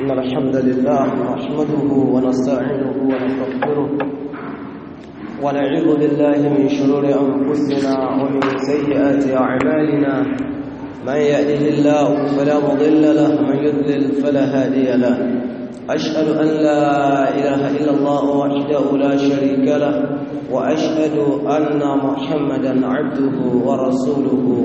إن الحمد لله نحمده ونستعينه ونستغفره ونعوذ بالله من شرور أنفسنا ومن سيئات أعمالنا من يأله الله فلا مضل له من يضلل فلا هادي له أشهد أن لا إله إلا الله وحده لا شريك له وأشهد أن محمدا عبده ورسوله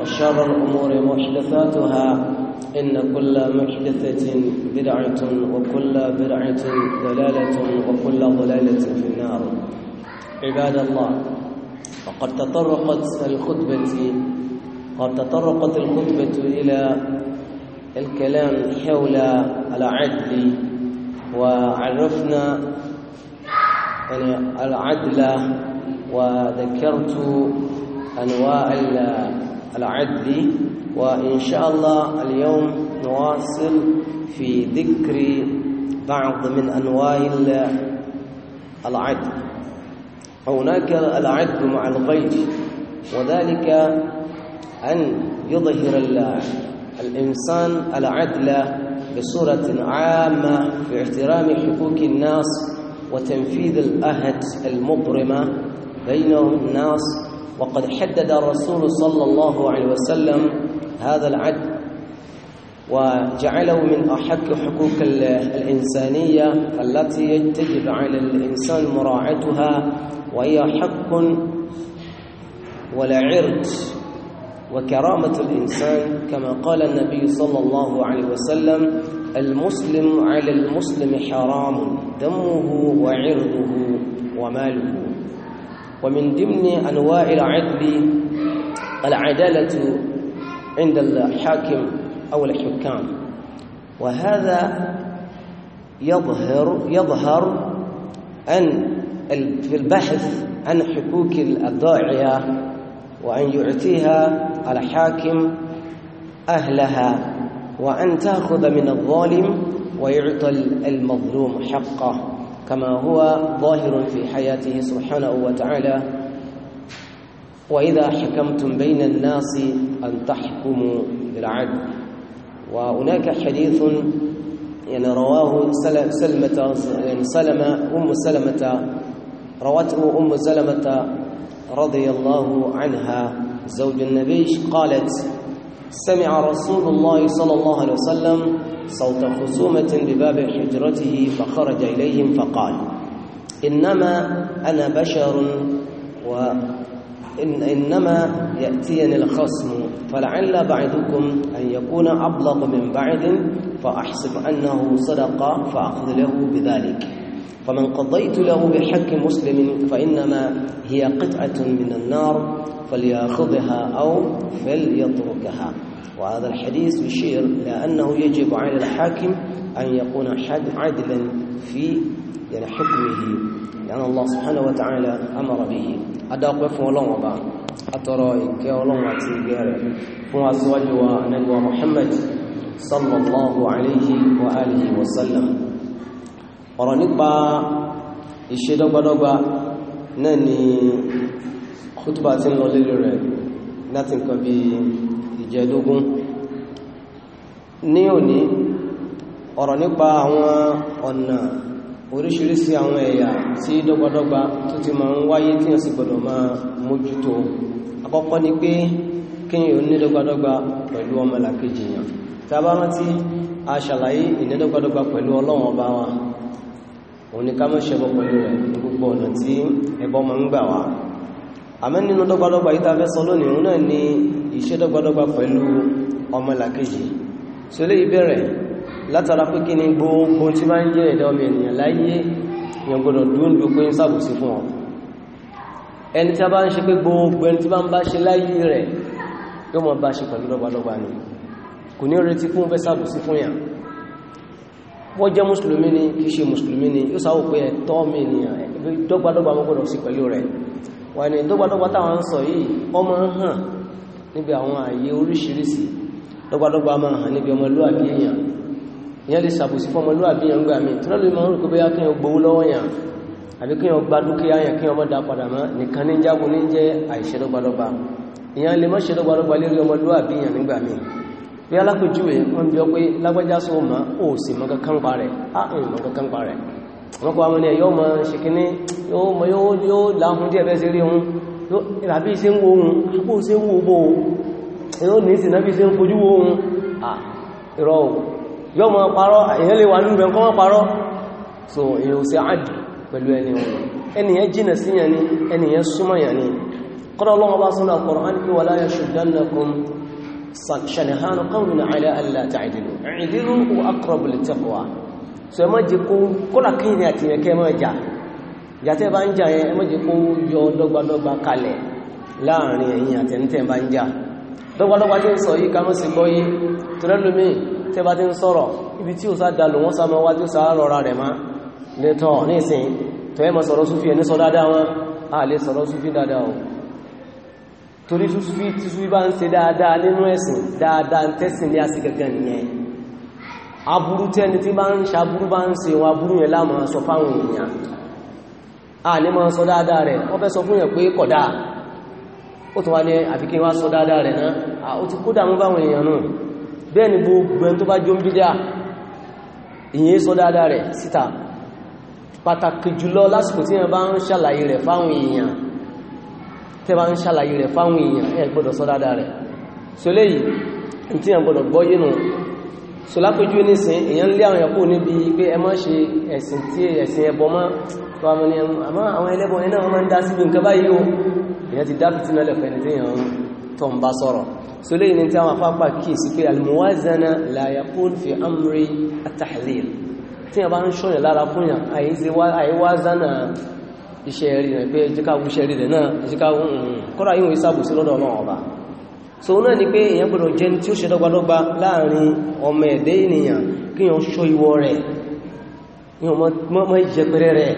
وشر الأمور محدثاتها إن كل محدثة بدعة وكل بدعة ضلالة وكل ضلالة في النار عباد الله وقد تطرقت الخطبة قد تطرقت الخطبة إلى الكلام حول العدل وعرفنا يعني العدل وذكرت أنواع العدل وإن شاء الله اليوم نواصل في ذكر بعض من أنواع العدل هناك العدل مع الغير وذلك أن يظهر الإنسان العدل بصورة عامة في احترام حقوق الناس وتنفيذ الأهد المبرمة بين الناس وقد حدد الرسول صلى الله عليه وسلم هذا العدل وجعله من أحق حقوق الإنسانية التي يجب على الإنسان مراعتها وهي حق ولعرض وكرامة الإنسان كما قال النبي صلى الله عليه وسلم المسلم على المسلم حرام دمه وعرضه وماله ومن ضمن أنواع العدل العدالة عند الحاكم أو الحكام وهذا يظهر يظهر أن في البحث عن حقوق الضائعة وأن يعطيها الحاكم أهلها وأن تأخذ من الظالم ويعطى المظلوم حقه كما هو ظاهر في حياته سبحانه وتعالى وإذا حكمتم بين الناس أن تحكموا بالعدل وهناك حديث يعني رواه سلمة يعني سلمة أم سلمة روته أم سلمة رضي الله عنها زوج النبي قالت سمع رسول الله صلى الله عليه وسلم صوت خصومة بباب حجرته فخرج إليهم فقال إنما أنا بشر و إن إنما يأتيني الخصم فلعل بعضكم أن يكون أبلغ من بعض فأحسب أنه صدق فأخذ له بذلك فمن قضيت له بحق مسلم فإنما هي قطعة من النار فليأخذها أو فليتركها وهذا الحديث يشير إلى أنه يجب على الحاكم أن يكون عدلا في يعني حكمه لأن يعني الله سبحانه وتعالى أمر به أداق فهو الله وبا أترى كالله وتيجار فهو أزواج ونبوى محمد صلى الله عليه وآله وسلم ورنقبا الشيء دوبا دوبا ناني خطبة لولي رẹ̀ láti ìjẹlógún ní òní ọ̀rọ̀ nípa àwọn ọ̀nà oríṣiríṣi àwọn ẹ̀yà tí dọ́gbadọ́gba tó ti máa ń wáyé tí yàn sì gbọdọ̀ máa mójútó àkọ́kọ́ ni pé kíyàn ò ní dọ́gbadọ́gba pẹ̀lú ọmọlàkejì yàn tàbá rántí a ṣàlàyé wa òun ni ká mọ́ ṣẹbọ pẹ̀lú rẹ̀ ní gbogbo ọ̀nà tí ẹbọ máa ń gbà ni iṣẹ́ dọ́gbadọ́gba pẹ̀lú ọmọlàkejì so lè ìbẹ̀rẹ̀ látara pé kí ni gbogbo tí bá ń jẹ́ ẹ̀dá ọmọ ènìyàn láyé èèyàn gbọdọ̀ dúndú pé ń sàbòsí fún ọ ẹni tí a bá ń ṣe pé gbogbo ẹni tí bá ń bá ṣe láyé rẹ̀ yóò mọ̀ ni kò ní retí fún fẹ́ sàbòsí fún yàn wọ́n jẹ́ mùsùlùmí ni kìí táwọn ń sọ yìí ọmọ hàn níbi àwọn ààyè oríṣiríṣi lọ́gbàdọ́gbà máa hàn níbi ọmọlúwàbí èèyàn ìyẹn lè ṣàbòsí fún ọmọlúwàbí èèyàn gbà mí tí lọ́lọ́ ìmọ̀rún kó bóyá kí wọ́n gbowó lọ́wọ́ yàn àbí kí wọ́n gba dúkìá yàn kí wọ́n mọ́dá padà mọ́ nìkan ní jágun ní jẹ́ àìṣẹ́ lọ́gbàdọ́gbà ìyẹn lè mọ́ ṣe lọ́gbàdọ́gbà lérí ọmọlúwàbí èèyàn nígbà mí bí alápèjúwe wọ́n bí ọ pé lágbájá sọ mọ́ ò ìlàbí ṣe ń wo ohun àpò ṣe ń wo bó ẹ̀yọ́ ní ìsìnà bí ṣe ń kojú ohun ìrọ̀ yọ́ mọ́ parọ́ èyàn lè wà nínú ẹ̀kọ́ mọ́ parọ́ so èyàn ṣe àdì pẹ̀lú ẹni ọ̀rọ̀ ẹniyàn ni ẹniyàn súnmọ́ yàn ni kọ́dọ̀ ọlọ́wọ́ bá súnà Al-Qur'an kí ala alla ta'dilu i'dilu huwa aqrabu lit-taqwa so ìyàtẹ́ bá ń jà yẹn ẹmọ́jì kó yọ dọ́gbadọ́gba kalẹ̀ láàrin ẹ̀yìn àtẹ̀ntẹ̀ bá ń jà dọ́gbadọ́gba tí ń sọ yìí kamọ́ sí gbọ́yé tẹ́lẹ́lómi tẹ́ bá ti ń sọ̀rọ̀ ibi tí ó sá dalò wọ́n sáma wájú sáà rọra rẹ̀ má lẹ́tọ̀ nísìn tó ẹ mọ́ sọ̀rọ̀ súfì ẹni sọ dáadáa wọn a lè a ní máa sọ dáadáa rẹ̀ wọ́n fẹ́ sọ fún yẹn pé kódà ó tún wá ní àfikí wá sọ dáadáa rẹ̀ náà ó ti kódà mú báwọn èèyàn náà bẹ́ẹ̀ ni gbogbo ẹni tó bá jó ń bídá ìyẹn sọ dáadáa rẹ̀ síta pàtàkì jùlọ lásìkò tí wọ́n bá ń ṣàlàyé rẹ̀ fáwọn èèyàn tẹ́ bá ń ṣàlàyé rẹ̀ fáwọn èèyàn ẹ gbọ́dọ̀ sọ dáadáa rẹ̀ so léyìí tí wọ́n gbọ́dọ̀ gbọ́ yínú so lápẹjú nísìn èèyàn lé àwọn ẹ̀kọ́ níbi pé ẹ má ṣe ẹ̀sìn tí ẹ̀sìn ẹbọ mọ́ tó àmọ́ ni àmọ́ àwọn ẹlẹ́bọn ẹ̀nà wọn máa ń dá sí nǹkan báyìí o èyàn ti dá fìtínà lẹ́fẹ̀ẹ́ ní tíyàn tó ń bá sọ̀rọ̀ so lè ní tí àwọn afápá kí sí pé almuwazana náà ni pé èyàn gbọdọ̀ jẹ́ tí ó ṣe dọ́gbadọ́gba láàrin ọmọ ẹ̀dẹ́ ènìyàn kí yàn ṣọ́ ìwọ rẹ̀ yàn mọ́ ìjẹpẹrẹ rẹ̀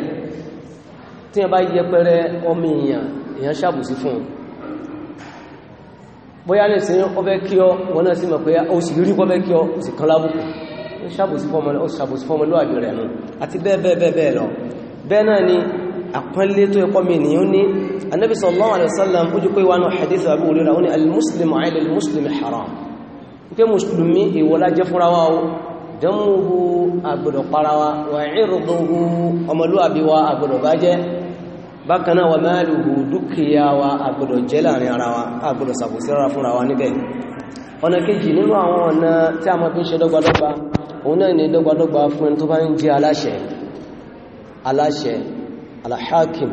tí ẹ bá yẹpẹrẹ ọmọ èèyàn èèyàn ṣàbùsí fún un bóyá lè sí ọbẹ̀ kí ọ wọn náà sí mọ̀ pé ó sì rí pọ́bẹ̀ kí ọ ó sì kan lábùkù ó ṣàbùsí fọ́mọ lóàjò rẹ̀ nù àti bẹ́ẹ̀bẹ́ẹ̀ lọ bẹ́ẹ̀ náà ni àpọ́nlé tó ẹkọ́ mi ènìyàn ní anábì sallallahu alaihi wasallam ó jú pé wánú hadith Abu Hurairah ó ní al-muslimu ala al-muslimi haram parawa wà ìrùgbọ̀hù ọmọlúàbíwa agbọ̀dọ̀ bá jẹ́ bákaná wa máàlùhù dúkìá wa agbọ́dọ̀ jẹ́ láàrin ara wa agbọ́dọ̀ sàkòsí rárá fúnra wa níbẹ̀ ọ̀nà kejì nínú àwọn ọ̀nà tí a máa fi ń ṣe dọ́gbadọ́gba òun náà ni dọ́gbadọ́gba fún ẹni tó bá ń jẹ́ aláṣẹ aláṣẹ alhakim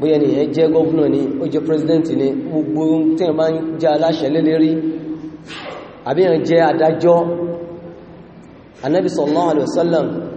bóyá ni ẹ jẹ́ gọ́vùnà ni ó jẹ́ pírẹsidẹ́ntì ni gbogbo tí ẹ máa ń jẹ́ aláṣẹ lélẹ́rí àbíyàn jẹ́ adájọ́ anábì sallallahu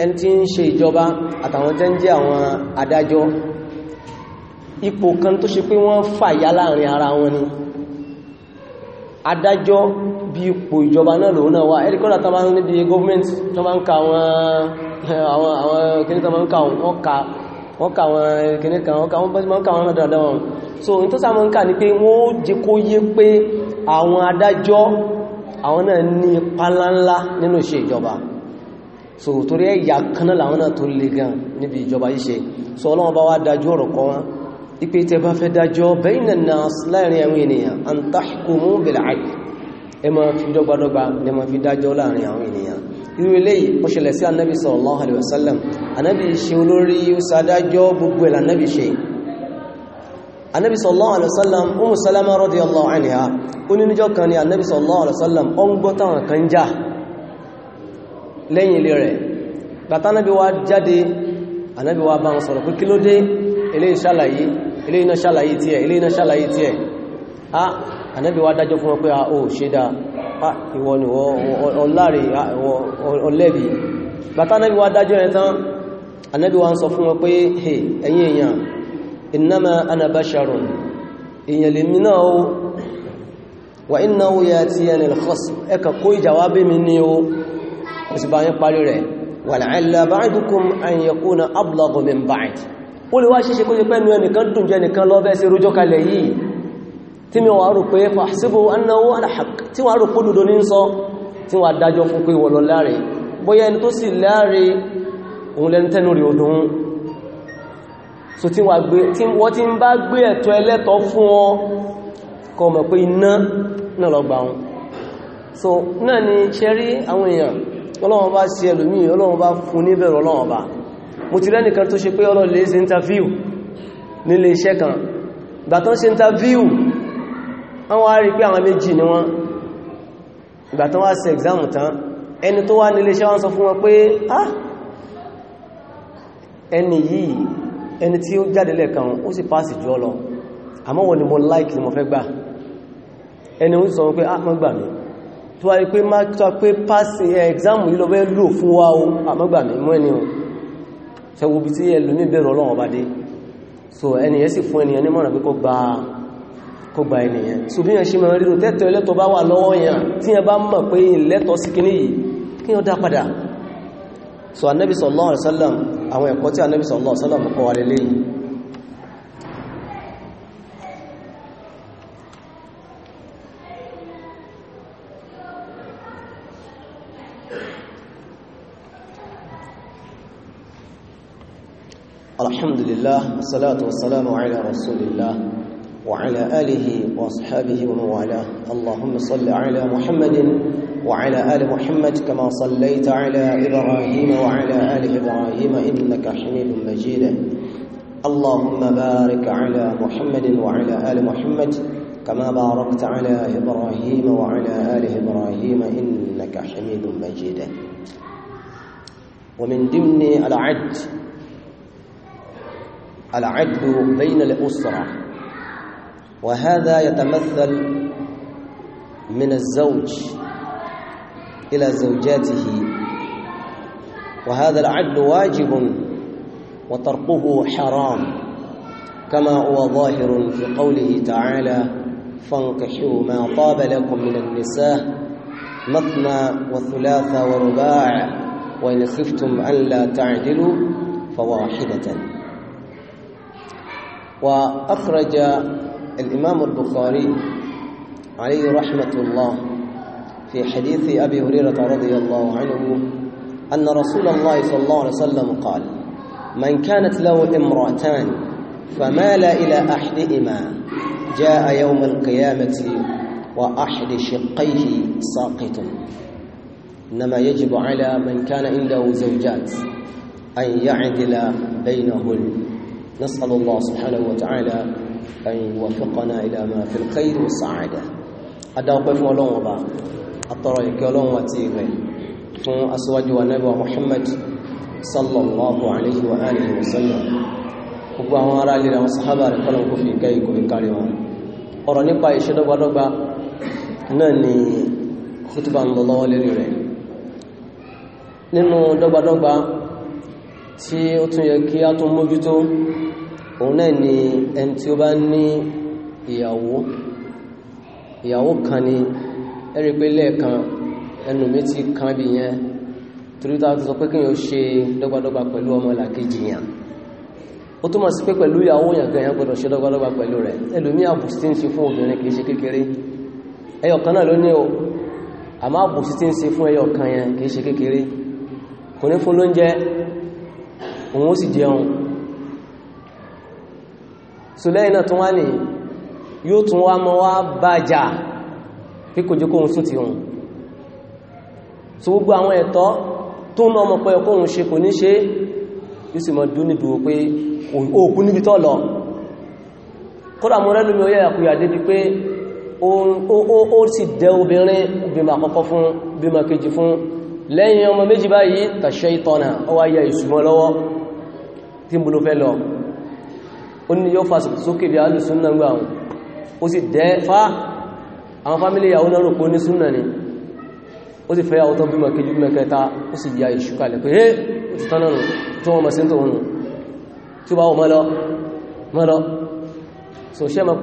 ẹni tí ń ṣe ìjọba àtàwọn tẹ́ ń jẹ́ àwọn adájọ́ ipò kan tó ṣe pé wọ́n fàyà láàrin ara wọn ni adájọ́ bí ipò ìjọba náà lòun náà wà ẹ̀rí tó máa ń níbi government tó máa ń ka àwọn kìnnì tó máa ń ka wọ́n ka wọ́n ka àwọn kìnnì kan wọ́n ka so n tó sáà máa ń kà ní pé wọ́n ó jẹ kó yé pé àwọn adájọ́ àwọn so torí ẹ̀yà kaná làwọn náà tó le gan níbi ìjọba yíṣe so ọlọ́wọ́n bá wá dájú ọ̀rọ̀ kan wá ipe tẹ bá fẹ́ dájọ́ bẹ́yìnà náà láàrin àwọn ènìyàn an tahkumu bil'adl ẹ ma fi dọ́gbadọ́gba ẹ ma fi dájọ́ láàrin àwọn ènìyàn irú eléyìí ó ṣẹlẹ̀ sí anábì sallallahu alaihi wasallam anábì ṣe olórí ṣadájọ́ gbogbo ẹ̀lá anábì ṣe anábì sallallahu alaihi wasallam Ummu Salama radiyallahu anha ó ní kan ni anábì sallallahu alaihi wasallam ó ń gbọ́ kan já lẹ́yìn ilé rẹ̀ bàtà náà bí wá jáde ànábí wá bá ń sọ̀rọ̀ pé kí ló dé ilé ìṣàlàyé ilé iná ṣàlàyé tí ẹ̀ ilé iná ṣàlàyé tí ẹ̀ a ànábí wá dájọ́ fún wọn pé a ó ṣe dá a ìwọ ni ọláre ọlẹ́bì bàtà náà bí wá dájọ́ ẹ̀ tán ànábí wá ń sọ fún wọn pé ẹ̀yin èèyàn innama ana basharun èèyàn lèmi náà ó wà innahu ya'tiyani al-khasf ẹ̀kà kó ìjà wá bí mi ní o ó sì bá yẹn parí rẹ̀ wàlàálà báyìdùkún àyẹ̀kúnà abúlọ́gùnmí báyìd ó lè wá ṣíṣe kó ṣe pẹ́nu ẹnìkan dùn jẹ́ nìkan lọ bẹ́ẹ̀ sí rújọ́ kalẹ̀ yìí tí mi wà rò pé fàṣíbò annáwó alhaq tí wà rò pó dùdó ní sọ tí wà dájọ́ fún pé wọ̀lọ láre bóyá ẹni tó sì láre òun náà lọ gbà wọn so náà ni ṣe rí àwọn èèyàn ọlọ́wọ́n bá sí ẹlòmí ọlọ́wọ́n bá fún ní bẹ̀rọ ọlọ́wọ́n bá mo ti rẹ́nìkan tó ṣe pé ọlọ́lẹ̀ ṣe interview nílé iṣẹ́ kan gbàtán ṣe interview wọ́n wá rí pé àwọn méjì ni wọ́n gbàtán wá ṣe exam tán ẹni tó wá nílé iṣẹ́ wọ́n sọ fún wọn pé ah ẹni yìí ẹni tí ó jáde lẹ́ẹ̀kan ó sì pàṣì jù ọ lọ àmọ́ wọn ni mo like ni mo fẹ́ gbà ẹni ó sọ wọn pé ah mọ́ gbà tó wáyé pé má tó pé pásì eh, exam yìí lọ bẹ́ lò fún wa o àmọ́gbà mi mọ́ ẹni o ṣẹwọ́ bí tí ẹlòmí bẹ̀rọ ọlọ́wọ́ bá dé so ẹniyẹ sì fún ẹniyẹ nímọ̀ràn pé kó gba kó gba ẹniyẹ so bí yẹn ṣe mọ̀ rírò tẹ́tọ̀ ẹlẹ́tọ̀ bá wà lọ́wọ́ yẹn tí yẹn bá mọ̀ pé ìlẹ́tọ̀ sí kíní yìí kí yẹn dá padà so anabi sallallahu alaihi wasallam àwọn ẹ̀kọ́ الحمد لله والصلاة والسلام على رسول الله وعلى آله وأصحابه وموالاه اللهم صل على محمد وعلى آل محمد كما صليت على إبراهيم وعلى آل إبراهيم إنك حميد مجيد اللهم بارك على محمد وعلى آل محمد كما باركت على إبراهيم وعلى آل إبراهيم إنك حميد مجيد ومن دمني العد العدل بين الأسرة وهذا يتمثل من الزوج إلى زوجاته وهذا العدل واجب وتركه حرام كما هو ظاهر في قوله تعالى فانكحوا ما طاب لكم من النساء مثنى وثلاثة ورباع وإن خفتم أن لا تعدلوا فواحدة وأخرج الإمام البخاري عليه رحمة الله في حديث أبي هريرة رضي الله عنه أن رسول الله صلى الله عليه وسلم قال من كانت له امرأتان فمال إلى أحدهما جاء يوم القيامة وأحد شقيه ساقط إنما يجب على من كان عنده زوجات أن يعدل بينهن نسأل الله سبحانه وتعالى أن يوفقنا إلى ما في الخير والسعادة أدعو قفو الله وبا أطرع كلام وتيغي فن أسواج ونبي محمد صلى الله عليه وآله وسلم gbogbo àwọn ará ilé àwọn sàhábà rẹ̀ kọ́lọ̀ kó fi kẹ́ ìkò ìkárí wọn ọ̀rọ̀ nípa ìṣẹ́dọ́gbàdọ́gbà náà ni kútùbà ń lọ lọ́wọ́ lérí rẹ̀ nínú dọ́gbàdọ́gbà tí ó tún yẹ kí á tún mójútó òun náà ni ẹni tí ó bá ní ìyàwó ìyàwó kan ni ẹ̀rí pé lẹ́ẹ̀kan ẹnu mi ti kan bí yẹn torí tó sọ pé kíyàn ṣe dọ́gbadọ́gba pẹ̀lú ọmọ làkejì yàn ó túmọ̀ sí pé pẹ̀lú ìyàwó yàn gan yàn gbọdọ̀ ṣe dọ́gbadọ́gba pẹ̀lú rẹ̀ ẹlòmí àbùsí tí ń ṣe fún obìnrin kìí ṣe kékeré ẹyọ kan náà ló ní sùlẹ́yìn náà tún wá ní yóò tún wá mọ́ wá bàjà pí kò jẹ́ kóhun sùn ti hùn so gbogbo àwọn ẹ̀tọ́ tó mọ́ ọmọ pẹ́ kóhun ṣe kò ní ṣe yóò sì mọ́ dún níbi wò pé òkú níbi tọ́ lọ kódà mọ́ rẹ́ lómi ó lẹ́yìn ọmọ méjì báyìí tàṣẹ ìtọ́nà ọwá yẹ ìsúmọ́ lọ́wọ́ tí ń bú ló fẹ́ lọ ó ní yóò fásitì sókè bí alù súnnà ń gbà wọn ó sì dẹ́ fá àwọn fámílì ìyàwó náà rò pé ní súnnà ni ó sì fẹ́ yàwó tó bímọ kejì mẹ́kẹta ó sì ya ìṣù kalẹ̀ pé é òtítọ́nà nù tó wọ́n mọ̀ sí tó hùn tí ó bá wọ́n mọ́lọ mọ́lọ so ṣe mọ̀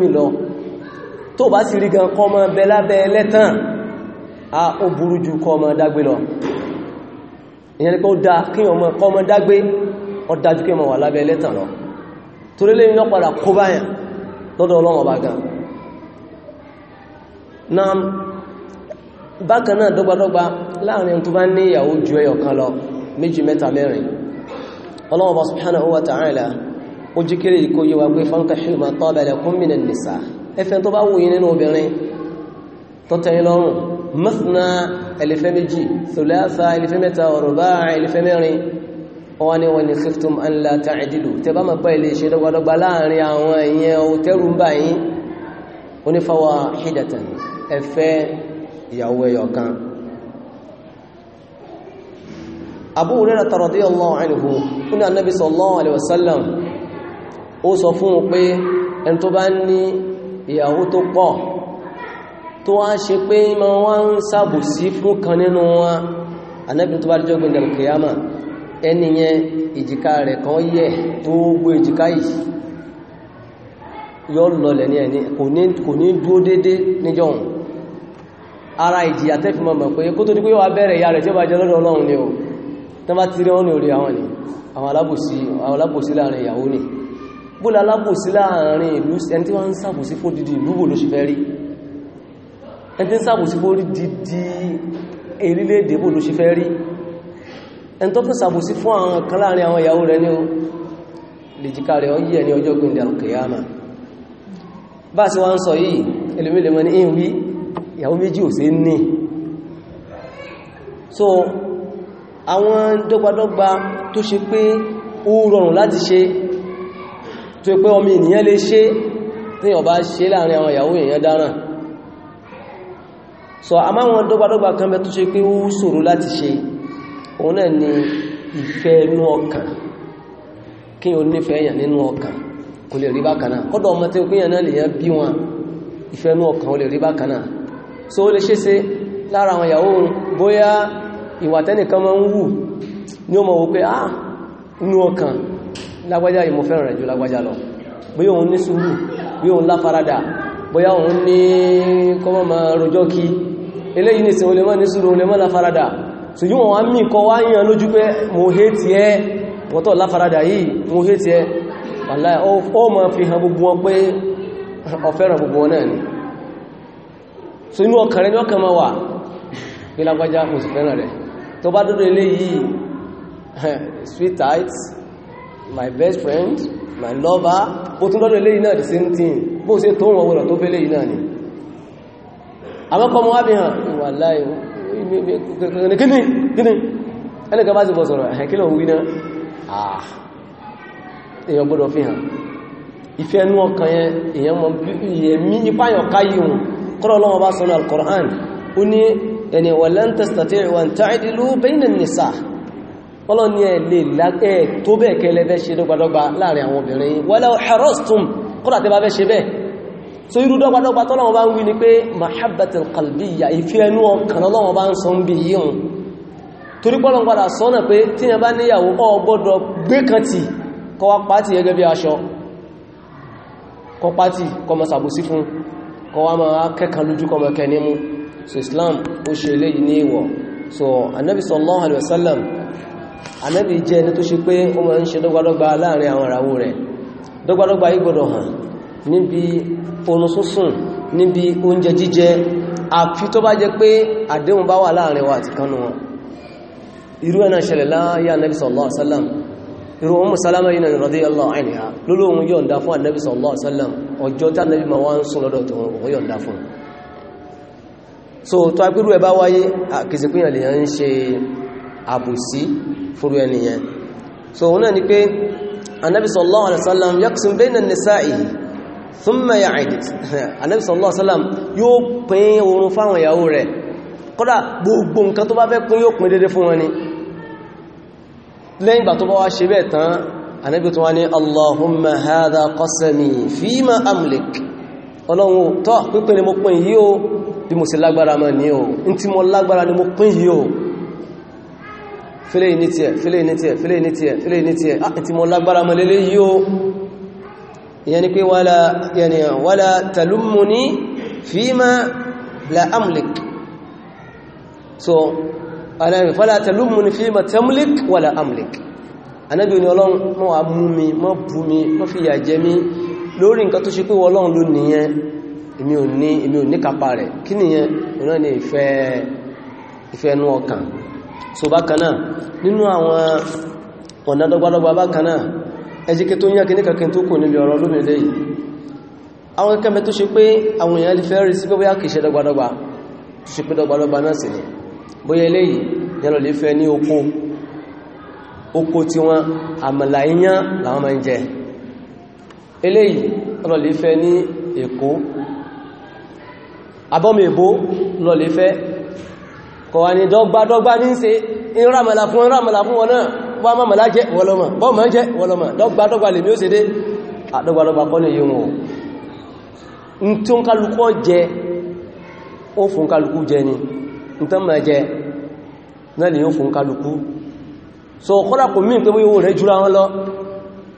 mi lọ tó bá sì rí gan kọmọ bẹlábẹ ẹlẹ́tàn a ó burú ju kọmọ dágbé lọ ìyẹn ni pé ó dá kí ọmọ kọmọ dágbé ó dájú kí ọmọ wà lábẹ́ ẹlẹ́tàn lọ torí lè padà kó báyàn lọ́dọ̀ ọlọ́wọ̀ gan na bákan kan méjì ó ìkóyíwa ẹfẹ́ tó bá wòye nínú obìnrin tó tẹ́yìn lọ́rùn mọ́sánà ẹlẹ́fẹ́ méjì sọlẹ́sà ẹlẹ́fẹ́ mẹ́ta ọ̀rọ̀bá ẹlẹ́fẹ́ mẹ́rin wọ́n ni wọ́n ni khiftum an la ta'dilu tẹ bá mọ̀ pẹ́ ilé ṣe dọ́gbadọ́gba láàrin àwọn èèyàn òtẹ́rù ẹni tó bá ní ìyàwó tó pọ̀ tó wá ṣe pé ma wọ́n ń sàbòsí fún kan nínú wọn anẹ́bìn tó bá jọ gbìndẹ̀ kìyàmà ẹni yẹn ìjìká rẹ̀ kan yẹ gbogbo ìjìká yìí yọ́ lọlẹ̀ ní ẹni kò ní dúó dédé níjọun ara ìjìyà tẹ́fì mọ̀ mọ̀ pé kó tó dípé wà bẹ̀rẹ̀ ìyà rẹ̀ tí ó bá jẹ bóla alábòsí láàrin ìlú ẹni tí wọ́n ń sàbòsí fó dìdì ìlú bò ló ṣe fẹ́ rí ẹni tí ń sàbòsí fó dìdì èrílẹ̀-èdè bò ló ṣe fẹ́ rí ẹni tó fún sàbòsí fún àwọn kan láàrin àwọn ìyàwó rẹ̀ ní o lè jíká rẹ̀ ó yẹ̀ ní ọjọ́ gbìndà kìyàmà bá sí wá ń sọ yìí ẹlòmílẹ̀ mọ́ ní ìwí ìyàwó méjì ò sí ní so àwọn dọ́gbadọ́gba tó ṣe pé ó rọrùn láti ṣe tó pé ọmọ ènìyàn lè ṣe tí yàn bá ṣe láàrin àwọn ìyàwó èèyàn dáràn so a máa wọn dọ́gbàdọ́gbà kan bẹ tó ṣe pé ó ṣòro láti ṣe òun ni ìfẹ́ inú ọkàn kí o nífẹ̀ẹ́ èèyàn nínú ọkàn kò lè rí bákanáà kọ́dọ̀ ọmọ tí ó pín yànà lèyàn bí wọn ìfẹ́ inú ọkàn o lè rí bákanáà so ó lè ṣe ṣe lára àwọn ìyàwó bóyá ìwà tẹ́nìkan máa ń wù ní ó wò pé ah inú ọkàn lágbájá yìí mo fẹ́ràn rẹ̀ ju lágbájá lọ bóyá òun ní sùúrù bóyá òun láfaradà bóyá òun ní kọ́mọ́ ma rojọ́ kí eléyìí ní sin olèmọ́ ní sùúrù olèmọ́ láfaradà so yíò wọ́n mí kọ wáyàn lójú pé mo hétí ẹ wọ́tọ̀ láfaradà yìí mo hétí ẹ wàláhì ó ma fi hàn gbogbo wọn pé ọ̀fẹ́ràn gbogbo wọn náà ni so inú ọkàn rẹ̀ ní ọkàn ma wà pé lágbájá mo sì fẹ́ràn rẹ̀ tó bá sweet eyes my best friend my lover bó tún lọ́dọ̀ eléyìí náà the same thing bó ṣe tó wọn wọ́n tó fẹ́ léyìí náà ni àmọ́kọ́ mọ́ wábí hàn wà láì kíni kíni ẹnìkan bá ti bọ̀ sọ̀rọ̀ ẹ̀kí lọ wí náà àà ah, èyàn gbọ́dọ̀ fi hàn ìfẹ́ ẹnu ọkàn yẹn èyàn mọ̀ yẹ̀mí ipáyàn káyí hùn kọ́rọ̀ lọ́wọ́ bá sọ́nà al-Qur'an ó ní ẹni wa lan tastati'u an ta'dilu bayna an-nisa' ọlọ́run ní ẹ̀lẹ́ láẹ́ tó bẹ́ẹ̀ kẹlẹ̀ fẹ́ ṣe dọ́gbadọ́gba láàrin àwọn obìnrin wala harastum kọ́lá tẹ́ bá fẹ́ ṣe bẹ́ẹ̀ so irú dọ́gbadọ́gba tọ́lọ́wọ́ bá ń wí ni pé mahabbatul qalbiyya ìfẹ́ so Annabi sallallahu alaihi wasallam ànábì jẹ́ ẹni tó ṣe pé ó máa ń ṣe dọ́gbadọ́gba láàrin àwọn ìràwọ̀ rẹ̀ dọ́gbadọ́gba yìí gbọ́dọ̀ hàn níbi oorun sísùn níbi oúnjẹ jíjẹ àfi tó bá jẹ́ pé àdéhùn bá wà láàrin wa àti kanu wọn irú ẹ̀nà ṣẹlẹ̀ láyé ànábì sallallahu alaihi àbòsí fúrú ẹniyẹn so wọn náà ni pé anábi sallallahu alaihi wasallam yaqsim bayna nisa'i thumma ya'id anábi sallallahu alaihi wasallam yóò pín oorun fáwọn ìyàwó rẹ̀ kódà gbogbo nǹkan tó bá fẹ́ pín yóò pín dédé fún wọn ni lẹ́yìn ìgbà tó bá wá ṣe bẹ́ẹ̀ tán anábi tó wá ní allahumma hadha fílé ní tí ẹ̀ fílé ní tí ẹ̀ fílé ní tí ẹ̀ fílé ní tí ẹ̀ àti ah, mọ̀ lágbára mọ̀ lélé yíó ìyẹn ni pé wala talummuni fima la amlik so alárin fala talummuni fima tamlik wala amlik anábi ni ọlọ́run mọ́ amúmi mọ́ búmi mọ́ fi yà jẹ mí lórí nǹkan tó ṣe pé ọlọ́run ló nìyẹn èmi ò ní èmi so bákanáà nínú àwọn ọ̀nà dọ́gbadọ́gba bákanáà ẹjíkẹ́ tó ń yàkí níkàkín tó kò nílé ọ̀rọ̀ lómìnlẹ̀ yìí àwọn kẹ́kẹ́ tó ṣe pé àwọn èèyàn lè fẹ́ rí sí bóyá kìí ṣe dọ́gbadọ́gba tó ṣe pé dọ́gbadọ́gba náà sì ni bóyá eléyìí yẹnà lè fẹ́ ní oko oko tí kọwa ni dọ́gbadọ́gba ní ṣe in ramala fún ramala fún wọn náà wọ́n má mọ̀lá jẹ́ wọlọ́mọ̀ bọ́ mọ̀ jẹ́ wọlọ́mọ̀ dọ́gbadọ́gba lè mí ó ṣe dé àdọ́gbadọ́gba kọ́ ní yíò n tí ó ń kálukú jẹ ó fún kálukú jẹ ni lè yóò so kọ́lá kò mín pé bó yíò rẹ̀ jùlọ wọn lọ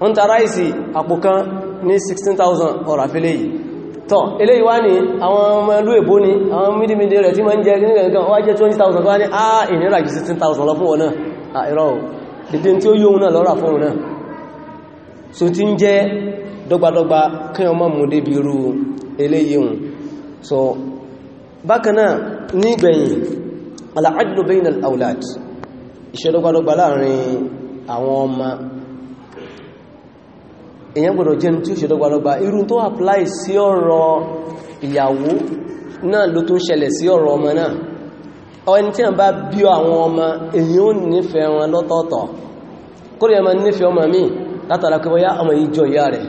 wọ́n ta ráìsì àpò kan tọ́ eléyìí wá ní àwọn ọmọ ìlú èbó ní àwọn mídìmídì rẹ̀ tí ma ń jẹ nǹkan wá jẹ́ 20,000 tó wá ní àà ìnira jù 16,000 lọ fún wọn náà àìrọ̀ ah, dìdín tí ó yóò náà lọ́rà fún wọn náà so ti ń jẹ́ dọ́gbadọ́gba kí èyàn gbọ́dọ̀ jẹ́ tí ó ṣe dọ́gbàlọ́gbà irú tó apply sí ọ̀rọ̀ ìyàwó náà ló tún ṣẹlẹ̀ sí ọ̀rọ̀ ọmọ náà ọni tí a bá bí àwọn ọmọ èyàn ò nífẹ̀ẹ́ wọn lọ́tọ̀ọ̀tọ̀ kórí ẹmọ nífẹ̀ẹ́ ọmọ mi látara pé bóyá ọmọ yìí jọ ìyá rẹ̀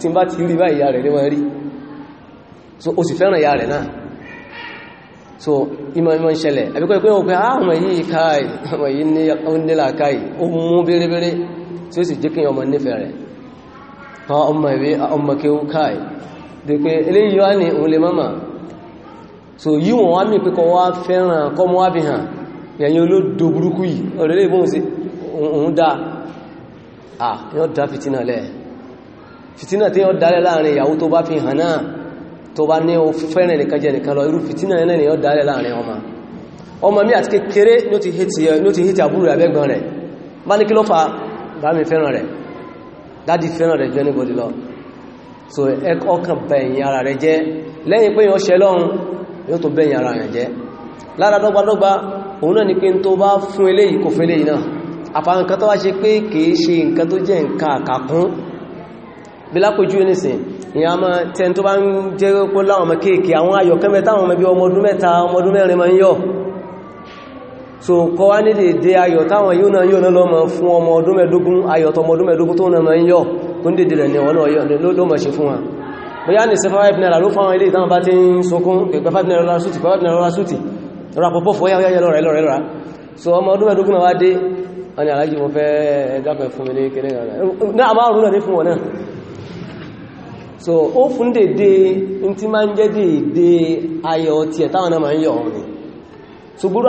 tí bá ti rí bá ìyá rẹ̀ ó sì ọmọ yìí nílà àwọn ọmọ ìwé ọmọ kí ó káì dì pé eléyìí wá so yí wọ́n wá mí pé kọ wá fẹ́ràn kọ́ mọ́ wábi hàn yẹ̀yìn olóòdó burúkú yìí ọ̀rẹ́lẹ́ ìbọn sí òun dá à yọ́ dá fìtínà lẹ̀ fìtínà tí yọ́ dálẹ̀ láàrin ìyàwó tó bá fi hàn náà tó bá ní fẹ́ràn nìkan jẹ nìkan lọ irú fìtínà náà ni yọ́ dálẹ̀ láàrin ọmọ ọmọ mi àti kékeré ní ó ti hìtì àbúrò àbẹ́gbọ́n rẹ̀ bá ní kí ló fa bá mi fẹ́ràn rẹ̀ dádì fẹ́ràn rẹ̀ jẹ́ níbòdì lọ so ọkàn bẹ̀yìn ara rẹ̀ jẹ́ lẹ́yìn pé yàn ṣẹ lọ́run yóò tó bẹ̀yìn ara rẹ̀ jẹ́ lára dọ́gbadọ́gba òun náà ni pé tó bá fún eléyìí kò fẹ́ eléyìí náà àfàwọn nǹkan tó wá ṣe pé kìí ṣe nǹkan tó jẹ́ nǹkan àkàkún bí lápòjú ẹnìsìn ìyá ọmọ tẹni tó bá ń jẹ́ pé láwọn ọmọ kéèkì àwọn ayọ̀kẹ́mẹ́ta àwọn ọmọ bí ọmọ ọdún mẹ́ta so kọ́ wá ní dèdè ayọ̀ táwọn yóò náà yóò náà lọ́mọ fún ọmọ ọdún mẹ́ẹ̀dógún ayọ̀ tọmọ ọdún mẹ́ẹ̀dógún tó náà ń yọ̀ tó ń dèdè rẹ̀ ní ọ̀nà lọ́mọ ṣe fún wa bóyá ní sefa 5 naira ló fáwọn ilé ìtàwọn bá ti ń sunkún pẹ̀pẹ̀ 5 naira lọ́ra sútì 5 naira lọ́ra sútì lọ́ra pọ̀pọ̀ so ọmọ ọdún mẹ́ẹ̀dógún náà wá dé wọ́n ni alájí mo fẹ́ dápẹ̀ fún mi ní kéré so ó fún dèdè in ti máa ń jẹ́ dèdè ayọ̀ so gbúrú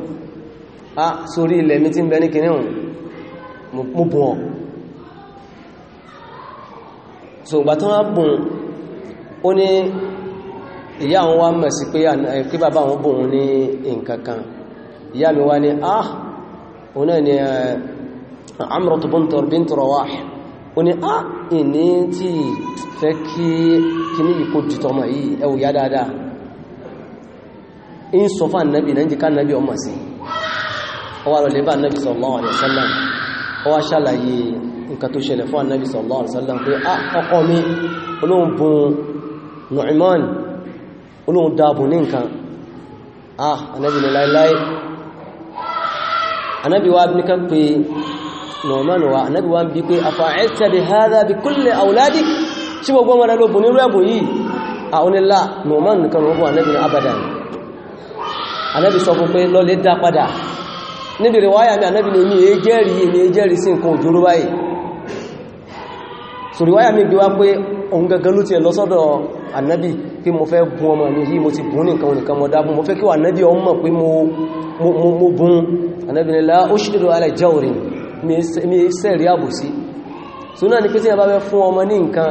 a ah, sórí ilẹ̀ mi ti ń bẹ ní kìíní ọ̀hún mo bùn so ìgbà tó wọ́n bùn ó ní ìyá àwọn wá mọ̀ sí pé kí bàbá àwọn bùn ní nǹkankan ìyá mi wá ní ah òun náà ni eh, Amratu bint Rawah ó ní ah ìní tí fẹ́ kí kíní yìí kó jùtọ́ mọ̀ yìí ẹwù yá dáadáa in sọ fún ànàbì náà jẹ́ ká ọmọ sí ọwá lọ lè bá Ànábì sallallahu alaihi wasallam ọwá ṣàlàyé nǹkan tó ṣẹlẹ̀ fún Ànábì sallallahu alaihi wasallam pé ah, ọkọ mi olóhun bun Nu'man olóhun dáàbùn ní nǹkan ah Ànábì ní láíláí Ànábì wá ní ká pé Nu'man wa Ànábì ń bí pé afa'alta bi hadha bi kulli awladik tí gbogbo ọmọdé ló bùn nírú ẹ̀bùn yìí àwọn ilá Nu'man nìkan rọ́bùn Ànábì abadan Ànábì sọ fún pé lọ lè dá padà níbi riwaya mi ànábì ní èyí jẹ́rì èmi jẹ́rì sí nǹkan òjòrò báyìí so riwaya mi bí wá pé òun gangan ló ti ẹ̀ lọ́sọ́dọ̀ ànábì pé mo fẹ́ bùn ọmọ mi yìí mo ti bùn nìkan nìkan mọ̀ dábùn mo fẹ́ kí wà ànábì ọmọ mọ̀ pé mo bùn ànábì nílá ó ṣílò alẹ́ jẹ́ òrìn mi sẹ́rí àbòsí so náà ni pé tí a bá fẹ́ fún ọmọ ní nǹkan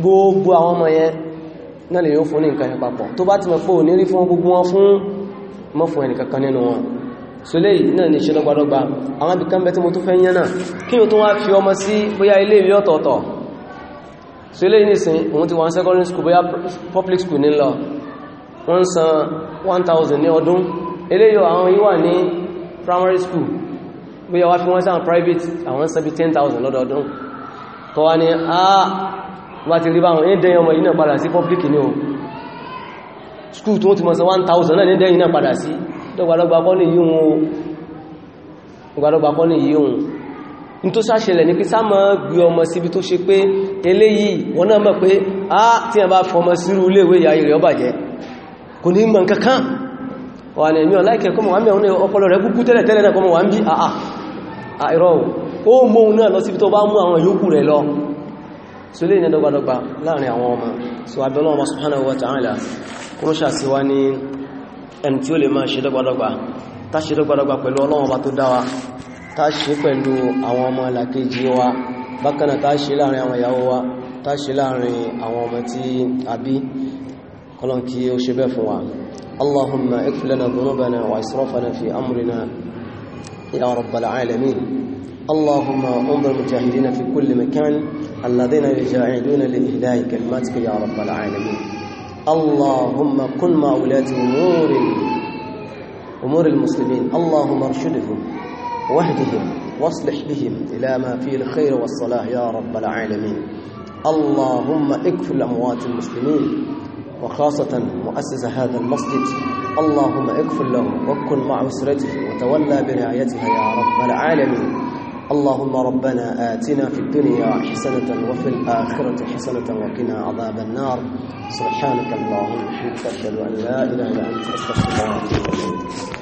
gbogbo àwọn ọmọ yẹn náà lè yóò fún ní nǹkan yẹn papọ̀ tó bá ti mọ̀ sólé náà ní ṣe lọ́gbàdọ́gbà àwọn abìkan bẹ tí mo tó fẹ́ yẹn náà kí o tó wá fi ọmọ sí bóyá ilé ìwé ọ̀tọ̀ọ̀tọ̀ sólé nìsìn òun ti wọ́n secondary school bóyá public school ní lọ wọ́n san 1000 ní ọdún eléyò àwọn yìí ní primary school bóyá wá fi wọ́n sáà private àwọn sẹ́bí 10,000 lọ́dọọdún tó wá ní àà wá ti rí bá wọn ní dẹ́yìn public ní school tó ti mọ́ sí 1000 náà ní dẹ́yìn náà dọ́gbàdọ́gbà kọ́ ní yíò dọ́gbàdọ́gbà kọ́ ní yíò ní tó sáṣẹlẹ̀ ní kí sáàmà gbí ọmọ síbi tó ṣe pé eléyìí wọ́n náà mọ̀ pé a tí a bá fọmọ sírú léwé ya ìrẹ̀ ọba jẹ́ kò ní mọ̀ kankan wà ní ẹ̀mí ọláìkẹ́ kọmọ̀ wà mí ọ̀nà ọpọlọ rẹ̀ kúkú tẹ́lẹ̀ tẹ́lẹ̀ náà kọmọ̀ wà ń bí àà àìrọ̀ so lè ní dọ́gbàdọ́gbà láàrin àwọn ní ẹni tí ó lè máa ṣe dọ́gbadọ́gba tá ṣe dọ́gbadọ́gba pẹ̀lú Ọlọ́run Ọba tó dá wa tá ṣe pẹ̀lú àwọn ọmọ làkejì wa bákan náà tá ṣe láàrin àwọn ìyàwó wa tá ṣe láàrin àwọn ọmọ tí a bí kọlọ́n ó ṣe bẹ́ẹ̀ fún wa اللهم انظر المجاهدين في كل مكان الذين يجاهدون لإهداء كلماتك يا رب العالمين اللهم كن مع ولاة أمور أمور المسلمين اللهم ارشدهم واهدهم واصلح بهم إلى ما فيه الخير والصلاح يا رب العالمين اللهم اكفل أموات المسلمين وخاصة مؤسس هذا المسجد اللهم اكفل لهم وكن مع أسرته وتولى برعايتها يا رب العالمين اللهم ربنا آتنا في الدنيا حسنة وفي الآخرة حسنة وقنا عذاب النار سبحانك اللهم وبحمدك أشهد أن لا إله إلا أنت أستغفرك وأتوب إليك